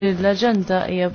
l-agenda hija